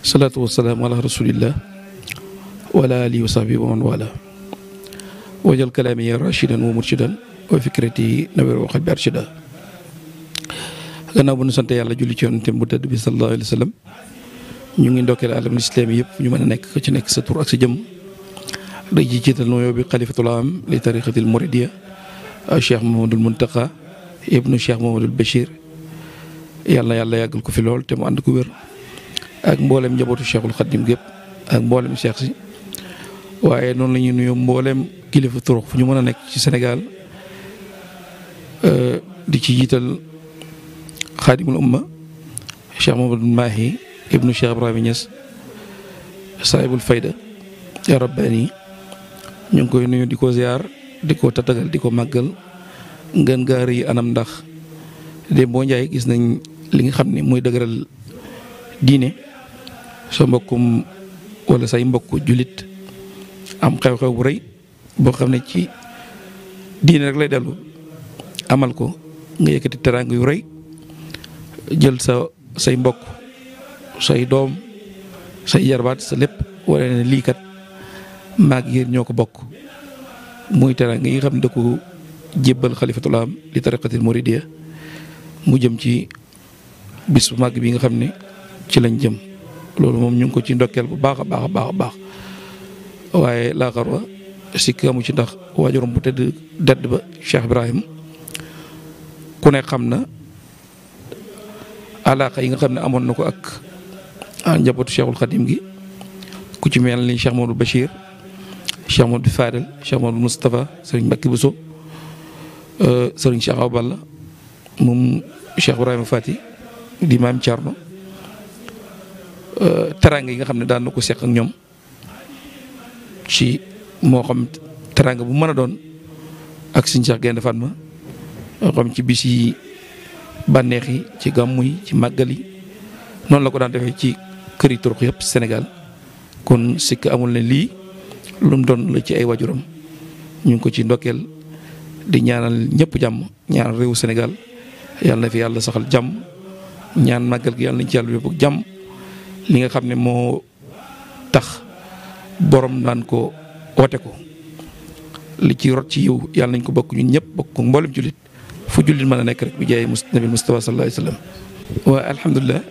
salaatu wassalaamu ala rasulillah wa ala wa sahbihi wa man wala wajal kalaami rashidan wa murshidan wa fikrati nawir wa qalbi arshida gannaaw bu nu sant yàlla julli ci yonentam bu tëdd bi ngi ndokkeel yëpp ñu mën a nekk ci nekk sa tur sa jëm day ji jiital nuyoo bi xalifatul am li tariqatil muridiya cheikh Mouhamadul Muntaqa ibnu cheikh Mouhamadul Bachir yàlla yàlla yàggal ko fi lool te mu ànd ko wér ak mboolem njabootu cheikhul xadim gépp ak mboolem cheikh si waaye noonu la ñuy nuyu mboolem kilifa turux fu ñu mën a nekk ci Sénégal euh, di ci jiital xaadimul umma cheikh Mamadou Mahi ibnu cheikh Ibrahima Niass saahibul fayda ya rabbani ngi koy nuyu di ko ziar di ko tatagal di ko màggal ngën gaar yi anam ndax de boo njaay gis nañ li nga xam ni mooy dëgëral diine sa mbokkum wala say mbokk jullit am xew-xew bu rëy boo xam ne ci diine rek lay dellu amal ko nga yëkkati teraanga yu rëy jël sa say mbokk say doom say jarbaat sa lépp wala ne lii kat maag yéen ñoo ko bokk muy teraanga yi nga xam ne da ko jébbal xalifatul am li tariqatil muridiya mu jëm ci bis bu màgg bi nga xam ne ci lañ jëm loolu moom ñu ngi ko ci ndokkeel bu baax a baax a baax a baax waaye laaxar wa sikki amu ci ndax waajuram bu tëdd dedd ba Cheikh Ibrahim ku ne xam na alaaka yi nga xam ne amoon na ko ak ah njabootu Cheikhul Khadim gi ku ci mel ni Cheikh du Bachir Cheikh Modou Fadel Cheikh Modou Moustapha Serigne Mbacke Bousso euh, Serigne Cheikh Awa Balla moom Cheikh Ibrahima Fati di maam Thierno teraanga yi nga xam ne daan ko seq ak ñoom ci moo xam teraanga bu mën a doon ak Sëñ Cheikh Gaynde Fatma moo xam ci bis yi bànneex ci gàmmu yi ci màggal yi noonu la ko daan defee ci kër këri turux yëpp Sénégal kon sikk amul ne lii lum doon la ci ay wajuram ñu ngi ko ci ndokkeel di ñaanal ñëpp jàmm ñaanal réewu Sénégal yàlla na fi yàlla saxal jàmm ñaan màggal gi yàlla nañ ci yàlla yóbbu jàmm li nga xam ne moo tax borom naan ko woote ko li ci rot ci yiw yàlla nañ ko bokk ñun ñëpp bokk ko mboolem jullit fu jullit mën a nekk rek bi jaay nabi Mustafa sallallahu alayhi wa sallam waa alhamdulilah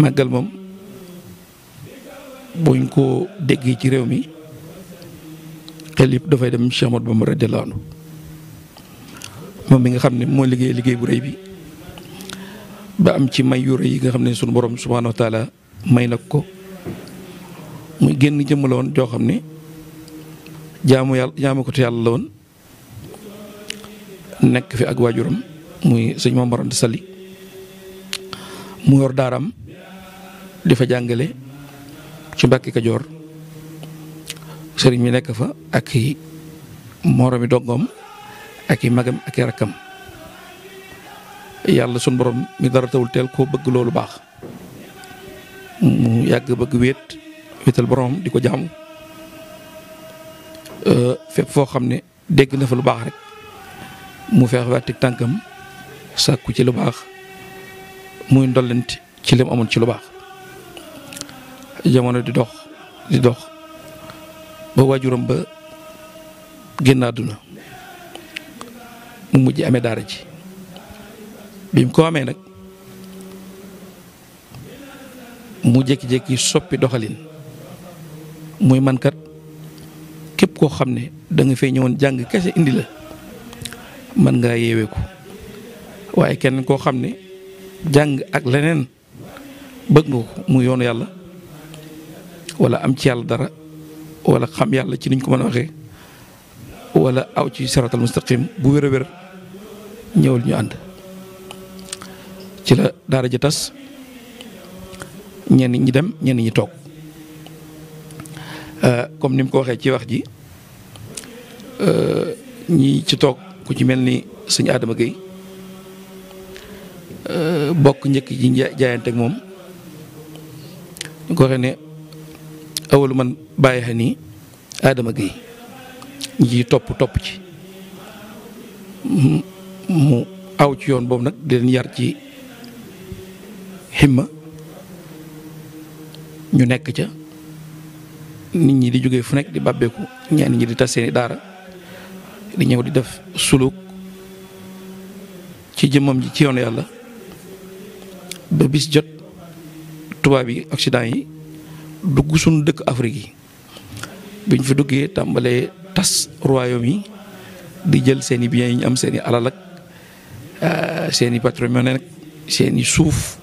màggal moom buñ ko déggee ci réew mi xel yëpp dafay dem Cheikh Ahmadou Bamba radiyallahu anhu moom bi nga xam ne moo liggéey liggéey bu rëy bi ba am ci may yu rëy yi nga xam ne sunu borom subhaanahu wa may nag ko muy génn jëmm la woon joo xam ne jaamu yàlla jaamu ko te yàlla la woon nekk fi ak waajuram muy sëñ Mame Mor Anta Sali mu yor daaram di fa jàngale ci Mbàkke Kajoor sëriñ bi nekk fa ak i moromi doggoom ak i magam ak i yàlla sun borom mi dara tawul teel koo bëgg loolu baax mu yàgg bëgg wéet wéetal boroom di ko jaamu fépp foo xam ne dégg na fa lu baax rek mu feex waat teg tànkam sàkku ci lu baax muy ndolleent ci lim amoon ci lu baax jamono di dox di dox ba waajuram ba génn àdduna mu mujj amee daara ji bi mu ko amee nag mu jékki-jékki soppi doxalin muy mankat képp koo xam ne da nga fay ñëwoon jàng kese indi la mën ngaa ko waaye kenn koo xam ne jàng ak leneen bëgg nga ko mu yoonu yàlla wala am ci yàlla dara walla xam yàlla ci niñ ko mën a waxee wala aw ci siratal mustaqim bu wér a wér ñëwal ñu ànd ci la daara ja tas ñenn ñi dem ñenn ñi toog euh, comme ni mu ko waxee ci wax ji euh, ñi ci toog ku ci mel ni sëñ aadama Gueye euh, bokk njëkk ji jaayante moom ñu ko waxee ne awalu man bàyyi ni aadama Adama Gueye ñi ciy topp topp ci mu aw ci yoon boobu nag di leen yar ci ximma ñu nekk ca nit ñi di jógee fu nekk di bàbbeeku ñenn ñi di tas seeni daara di ñëw di def suluk ci jëmmam ji ci yoonu yàlla ba bis jot tubaab yi occident yi dugg suñu dëkk Afrique yi biñ fi duggee tàmbalee tas royaume yi di jël seeni biens yi ñu am seeni alal ak euh, seeni patrimoine ak seeni suuf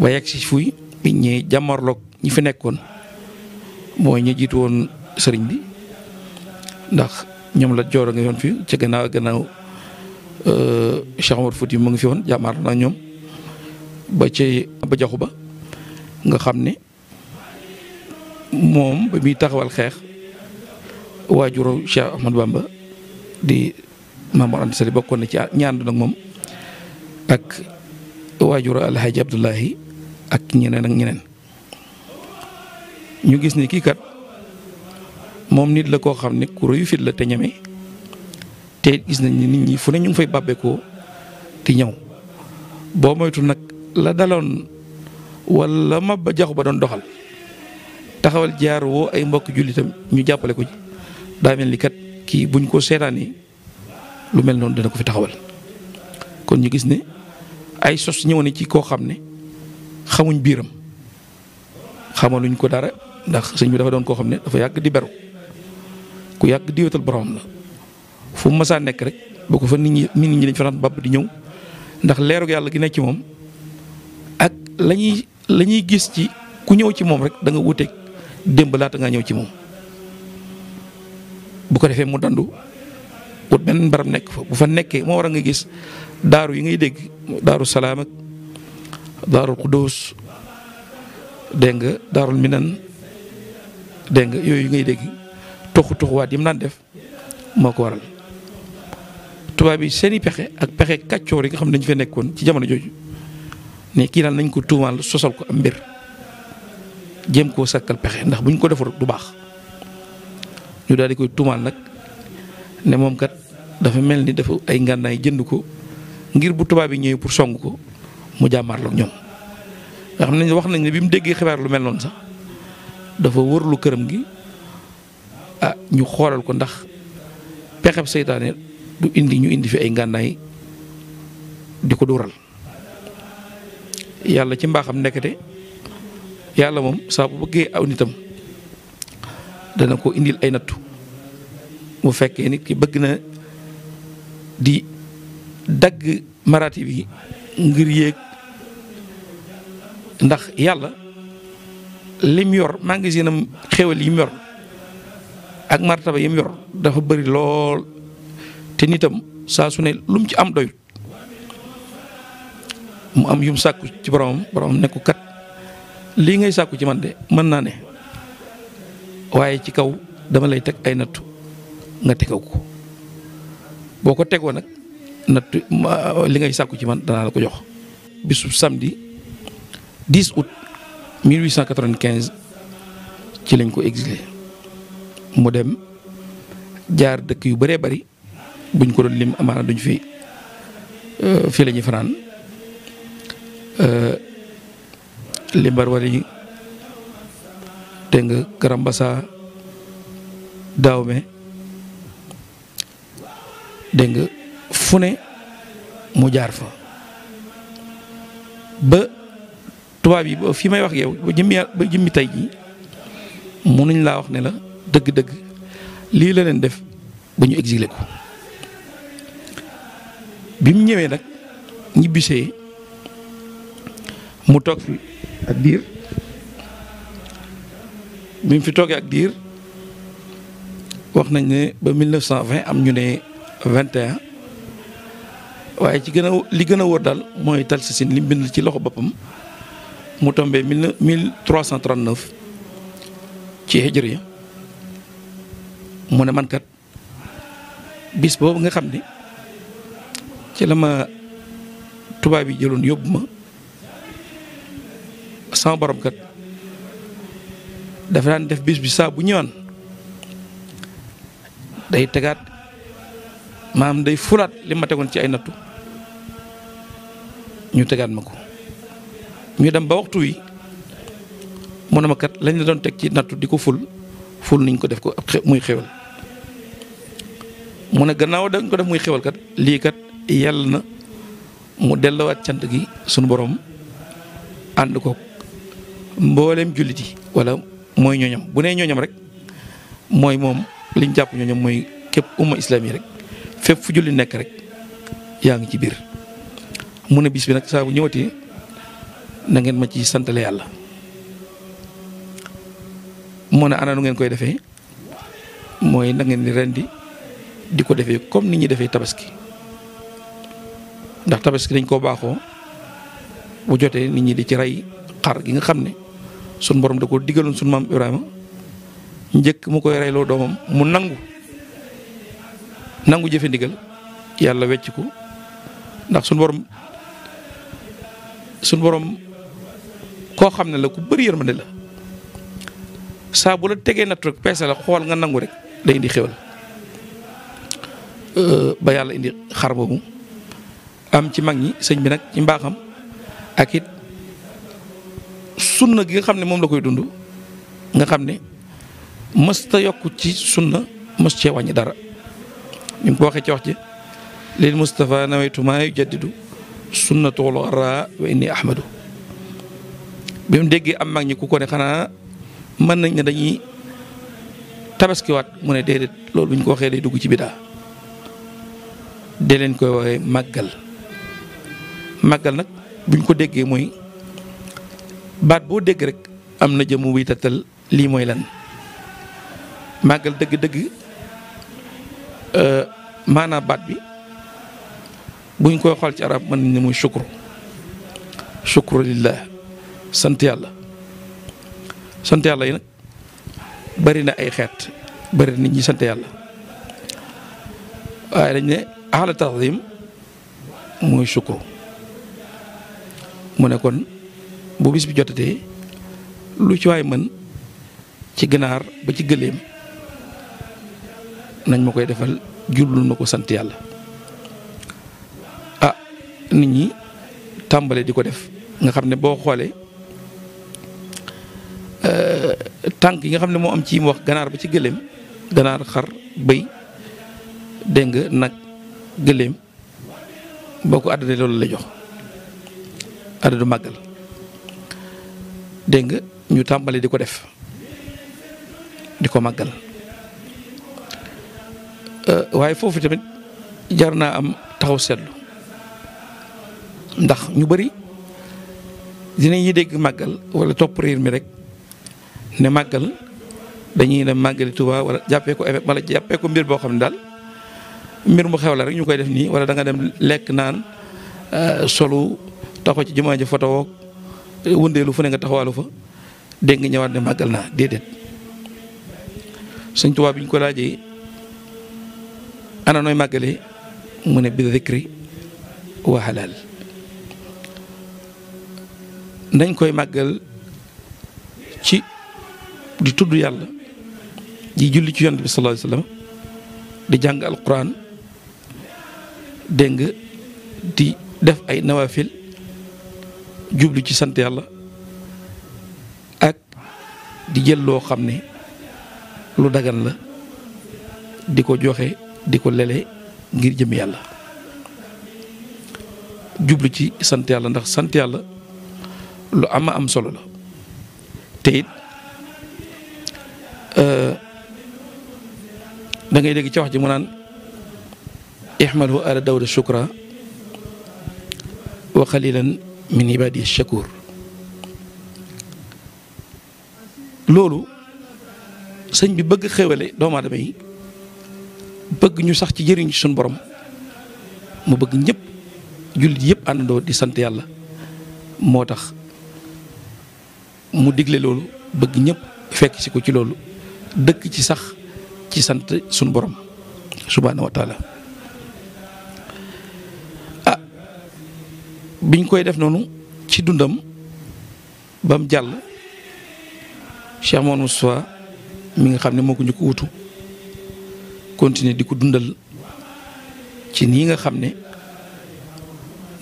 ba yegg fuy nit ñi jàmmarloog ñi fi nekkoon mooy ñi jiitu woon sëriñ bi ndax ñoom la joor a ngi woon fi ci gannaaw gannaaw euh, Cheikh Omar mu ngi fi woon jàmmaar na ñoom ba ci ba ba nga xam ne moom ba muy taxawal xeex waajur Cheikh Ahmadou Bamba di Mamour Anta Sali bokkoon na ci ñaan nag moom ak waajuru Alhaji Abdullahi ak ñeneen ak ñeneen ñu gis ne kii kat moom nit la koo xam ne ku rëyu fit la te ñeme te gis nañ ni nit ñi fu ne ñu ngi fay bàbbeekoo di ñëw boo moytu nag la daloon wala ma ba jaxu ba doon doxal taxawal jaar woo ay mbokk jullitam ñu jàppale ko ci daa mel ni kat kii buñ ko seetaanee lu mel noonu dana ko fi taxawal kon ñu gis ne ay sos ñëw na ci koo xam ne xamuñ biiram xamaluñ ko dara ndax sëñ bi dafa doon koo xam ne dafa yàgg di beru ku yàgg di wéetal boromam la fu mu mësaa nekk rek boo ko fa nit ñi nit ñi dañ fa daan bàbb di ñëw ndax leerug yàlla gi nekk ci moom ak lañuy lañuy gis ci ku ñëw ci moom rek da nga wuteeg démb laata ngaa ñëw ci moom bu ko defee mu dandu wut benn barab bu fa nekkee moo war a nga gis daaru yi ngay dégg daaru salaam daarul Quddus dégg nga mi nan dégg nga yooyu ngay dégg toxu toxuwaat yi naan def moo ko waral. tubaab yi seeni pexe ak pexe kàccoor yi nga xam ne dañu fee nekkoon ci jamono jooju ne kii daal nañ ko tuumaal sosal ko am mbir jëm koo sakkal pexe ndax buñ ko defur du baax ñu daal di koy tuumaal nag ne moom kat dafa mel ni dafa ay ngànnaay jënd ko ngir bu tubaab yi ñëwee pour song ko. mu jàmmaarloog ñoom nga xam ne wax nañ ne bi mu déggee xibaar lu mel noonu sax dafa wërlu këram gi ah, ñu xoolal ko ndax pexeb seytaane du indi ñu indi fi ay ngànnaay di ko dóoral yàlla ci mbaaxam nekkate yàlla moom saa bu bëggee aw nitam dana ko indil ay nattu bu fekkee nit ki bëgg na di dagg maraati bi ngir yéeg ndax yàlla lim yor magasin am xéwal yim yor ak martaba yim yor dafa bari lool te nitam saa su ne lum ci am doyut mu am yum sàkku ci boromam boromam ne ko kat lii ngay sàkku ci man de mën naa ne waaye ci kaw dama lay teg ay nattu nga tegaw ko boo ko tegoo nag nattu li ngay sàkku ci man danaa la ko jox bisu samedi 10 août 1895 ci lañ ko exilé mu dem jaar dëkk yu baree bari buñ ko doon lim amaana duñ fi euh, fii la fanaan euh, limbar wari dégg nga Karambasa Daawme dégg nga fu ne mu jaar fa ba tubaab yi fii may wax ak yow ba jëmmi ba jëmmi tey jii mënuñ laa wax ne la dëgg-dëgg lii la leen def ba ñu exilé ko bi mu ñëwee nag ñibbisee mu toog fi ak diir bi mu fi toogee ak diir wax nañ ne ba 1920 am ñu ne 21 waaye ci gën a li gën a wóor daal mooy Talsy Sine li mu bind ci loxo boppam. mu tombé mille mille trois cent trente neuf ci hijriya mu ne man bis boobu nga xam ni ci la ma tubaab yi jëloon yóbbu ma sama borom kat dafa daan def bis bi saa bu ñëwaan day tegaat maanaam day fulaat li ma tegoon ci ay nattu ñu tegaat ma ko. ñu dem ba waxtu wi mu ne kat lañ la doon teg ci nattu di ko ful ful niñ ko def ko muy xéwal mu ne gannaaw dañ ko def muy xéwal kat lii kat yàlla na mu dellowaat cant gi sunu boroom ànd ko mbooleem jullit yi wala mooy ñooñam bu nee ñooñam rek mooy moom liñ jàpp ñooñam mooy képp umma islam yi rek fépp fu julli nekk rek yaa ngi ci biir mu ne bis bi nag saa ñëwatee na ngeen ma ci santale yàlla moo ne ana nu ngeen koy defee mooy nangeen di rendi di ko defee comme ni ñuy defee tabaski ndax tabaski dañ koo baaxoo bu jotee nit ñi di ci rey xar gi nga xam ne sun borom da koo digaloon sun maam Ibrahima njëkk mu koy reyloo doomam mu nangu nangu jëfe ndigal yàlla wecc ko ndax sun borom sun borom koo xam ne la ku bëri yërmande la saa bu la tegee natt rek peese la xool nga nangu rek day indi xéwal euh, ba yàlla indi xar boobu am ci mag ñi sëñ bi nag ci mbaaxam ak it sunna gi nga xam ne moom la koy dund nga xam ne mësta yokku ci sunna mës cee wàññi dara ni mu ko ci wax ji lil Mustafa nawaytu maa yujaddidu sunnatu al-gharraa wa inni Ahmadu bi mu déggee am mag ñi ku ko ne xanaa mën nañ ne dañuy tabaskiwaat mu ne déedéet lool bu ñu ko waxee day dugg ci biddaa dee leen koy waxee màggal màggal nag buñ ko déggee mooy baat boo dégg rek am na jëmu buy tattal lii mooy lan màggal dëgg-dëgg euh, maanaam baat bi buñ koy xool ci arab mën nañ ne mooy shukru shukru lillah sant yàlla sant yàlla yi nag bari na ay xeet bari nit ñi sant yàlla waaye dañ ne ala taxdim mooy sukkur mu ne kon bu bis bi jotatee lu ci waay mën ci ganaar ba ci gëléem nañ ma koy defal jullul ma ko sant yàlla ah nit ñi tàmbale di ko def nga xam ne boo xoolee tànk yi nga xam ne moo am ci mu wax ganaar ba ci gëléem ganaar xar bëy dégg nga nag gëléem boo ko àddadee loolu la jox àddadu màggal dégg nga ñu tàmbali di ko def di ko màggal euh, waaye foofu tamit jar naa am taxaw seetlu ndax ñu bari dinañuy dégg màggal wala topp riir mi rek ne màggal dañuy dem màggali Tuubaa wala jàppee ko évêque wala jàppee ko mbir boo xam ne daal mbir mu xew la rek ñu koy def nii wala da dem lekk naan euh, solu taxaw ci jumaa ji fotowoog euh, wëndeelu fu ne nga taxawaalu fa dégg nga ñëwaat ne màggal naa déedéet sëñ Tuubaa bi ñu ko laajee ana nooy màggalee mu ne bi zikri wa halal nañ koy màggal ci di tudd yàlla di julli ci yonent bi sallallahu alayhi di jàng alquran dégg nga di def ay nawafil jublu ci sant yàlla ak di jël loo xam ne lu dagan la di ko joxe di ko lele ngir jëm yàlla jublu ci sant yàlla ndax sant yàlla lu ama am solo la te da ngay dégg ci wax ji mu naan ixmalhu ala dawda shukra wa qalilan min shakur loolu sëñ bi bëgg xéwale doomaadama yi bëgg ñu sax ci jëriñ suñu borom mu bëgg ñëpp jullit yëpp àndandoo di sant yàlla moo tax mu digle loolu bëgg ñëpp fekk si ko ci loolu dëkk ci sax ci sant suñ borom subhaanahu wa ah biñ koy def noonu ci dundam bam jàll Cheikh Mouhamadou Moustapha mi nga xam ne moo ko njëkk wutu continuer di ko dundal ci nii nga xam ne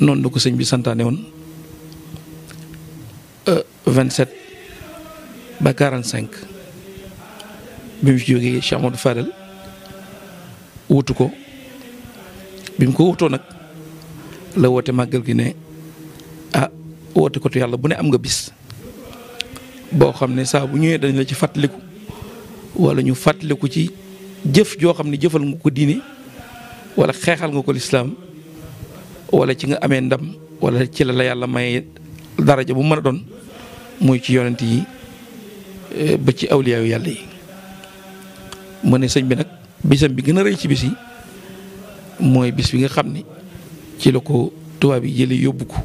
noonu la ko sëñ bi santaane woon 27 euh, ba cinq bi mu fi jógee Cheikh Amadou wutu ko bi mu ko wutoo nag la woote màggal gi ne ah woote ko yàlla bu ne am nga bis boo xam ne saa bu ñëwee dañ la ci fàttaliku wala ñu fàttaliku ci jëf joo xam ne jëfal nga ko diine wala xeexal nga ko lislaam wala ci nga amee ndam walla ci la yàlla may daraja bu mën a doon muy ci yonent yi eh, ba ci awliyaayu yàlla yi mu ne sëñ bi nag bisam bi gën a rëy ci bis yi mooy bis bi nga xam ni ci la ko tubaab yi jëlee yóbbu ko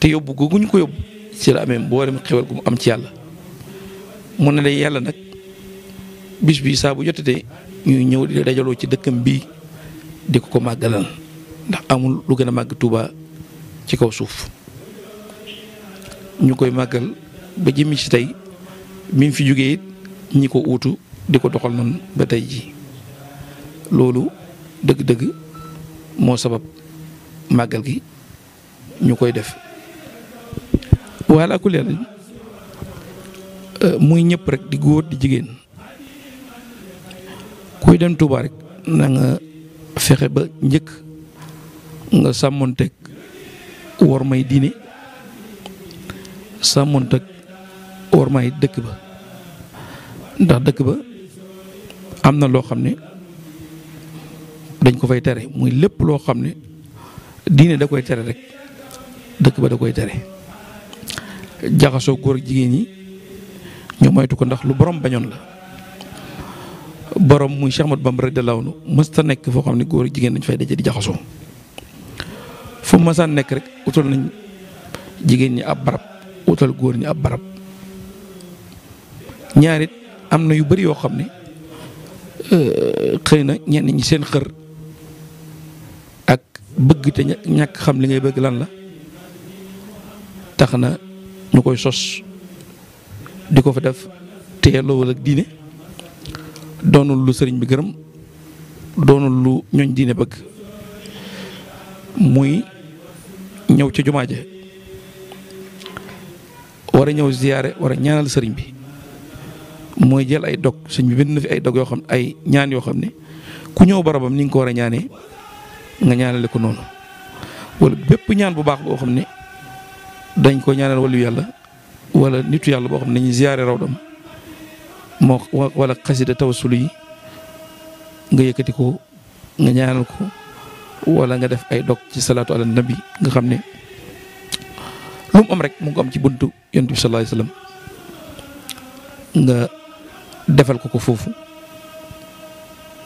te yóbbu ko ñu ko yóbbu si la amee mboolem xewal mu am ci yàlla mu ne la yàlla nag bis bi saa bu jotatee ñuy ñëw di dajaloo ci dëkkam bi di ko ko màggalal ndax amul lu gën a màgg Tuuba ci kaw suuf ñu koy màggal ba jëmmi ci tey mi fi jógee it ñi ko uutu di ko doxal noonu ba tey ji loolu dëgg-dëgg moo sabab màggal gi ñu koy def wala ku leen muy ñëpp rek di góor di jigéen kuy dem Touba rek nanga fexe ba njëkk nga sàmmonteeg war may diine sàmmonteeg war may dëkk ba ndax dëkk ba am na loo xam ne dañ ko fay tere muy lépp loo xam ne diine da koy tere rek dëkk ba da koy tere jaxasoo góor ak jigéen ñi ñu moytu ko ndax lu borom bañoon la borom muy Cheikh Ahmadou Bamba radiyallaahu anhu mësta nekk foo xam ne góor ak jigéen dañ fay daje di jaxasoo fu mësaan nekk rek utal nañ jigéen ñi ab barab utal góor ñi ab barab ñaarit am na yu bari yoo xam ne Euh, xëy na ñenn ñi seen xër ak bëgg te ñàkk xam li ngay bëgg lan la tax na ñu koy sos di ko fa def teeloowal ak diine doonul lu sëriñ bi gërëm doonul lu ñooñ diine bëgg muy ñëw ci jumaaje war a ñëw ziyaare wara a ñaanal sëriñ bi mooy jël ay dog sëñ bi bind fi ay dog yoo xam ne ay ñaan yoo xam ne ku ñëw barabam ni nga ko war a ñaanee nga ñaanale ko noonu wala bépp ñaan bu baax boo xam ne dañ ko ñaanal wàllu yàlla wala nitu yàlla boo xam ne dañuy ziyaare rawdam moo wala xasida tawasul nga yëkkati ko nga ñaanal ko wala nga def ay dog ci salaatu ala nabi nga xam ne lu mu am rek mu ngi am ci buntu yonent bi sallallahu alayhi wasallam nga defal ko ko foofu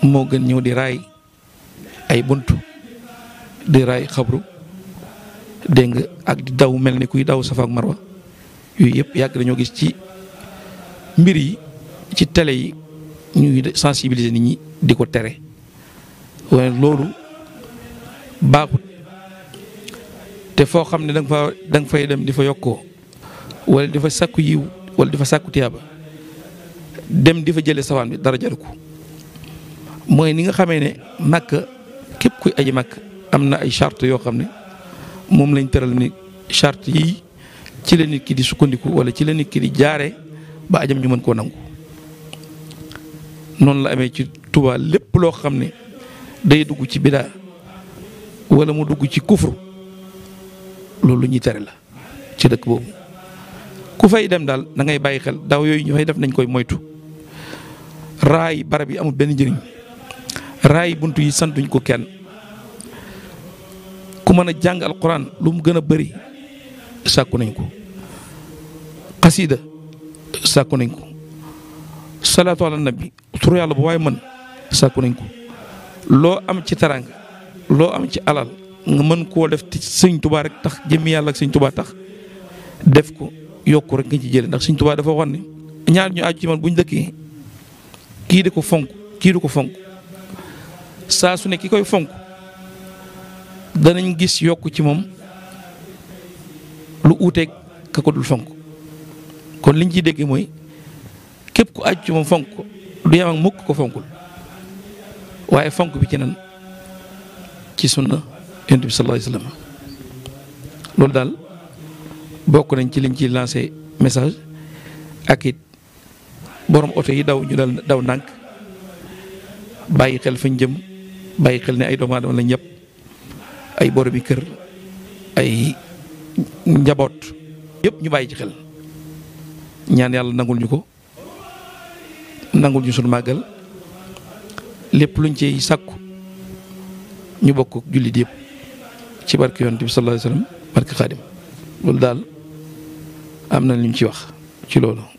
moo gën ñëw di raay ay bunt di raay xabru dégg nga ak di daw mel ni kuy daw safa ak marwa yooyu yëpp yàgg dañoo gis ci mbir yi ci télé yi ñuy sensibilise nit ñi di ko tere waaye loolu baaxut te foo xam ne da fa da fay dem di fa yokkoo walla di fa sàkku yiw walla di fa sàkku tiyaaba dem di fa jëlee sawaan bi dara jaru ko mooy ni nga xamee ne Makka képp kuy aji Makka am na ay charte yoo xam ne moom lañ tëral ni charte yi ci la nit ki di sukkandiku wala ci la nit ki di jaare ba ajam ñu mën koo nangu noonu la amee ci tubaal lépp loo xam ne day dugg ci bidaa wala mu dugg ci kufru loolu lu ñuy tere la ci dëkk boobu ku fay dem daal da ngay bàyyi xel daw yooyu ñu fay def nañ koy moytu raay barab yi amul benn njëriñ raay bunt yi santuñ ko kenn ku mën a jàng alquran lu mu gën a bari sàkku nañ ko xasida sàkku nañ ko salaatu ala nabi tur yàlla bu waaye mën sàkku nañ ko loo am ci taranga loo am ci alal nga mën koo def ci sëñ tubaa rek tax jëmmi yàlla ak sëñ tubaa tax def ko yokku rek nga ci jële ndax sëñ tubaa dafa wax ñaar ñu aju ci man buñ dëkkee kii di ko fonk kii du ko fonk saa su ne ki koy fonk danañ gis yokk ci moom lu uuteeg ka ko dul fonk kon liñ ci dégg mooy képp ku aju ci moom fonk du yam mukk ko fonkul waaye fonk bi ci nan ci sunna yonent bi sallallahu alayhi loolu daal bokk nañ ci liñ ci lancé message ak it borom oto yi daw ñu dal daw ndànk bàyyi xel fañ jëm bàyyi xel ne ay doomu aadama lañ yëpp ay boromi kër ay njaboot yëpp ñu bàyyi ci xel ñaan yàlla nangul ñu ko nangul ñu sunu màggal lépp luñ ci sàkku ñu bokk jullit yëpp ci barke yonent bi sallallahu alayhi wasallam barke xaadim loolu daal am na luñ ci wax ci loolu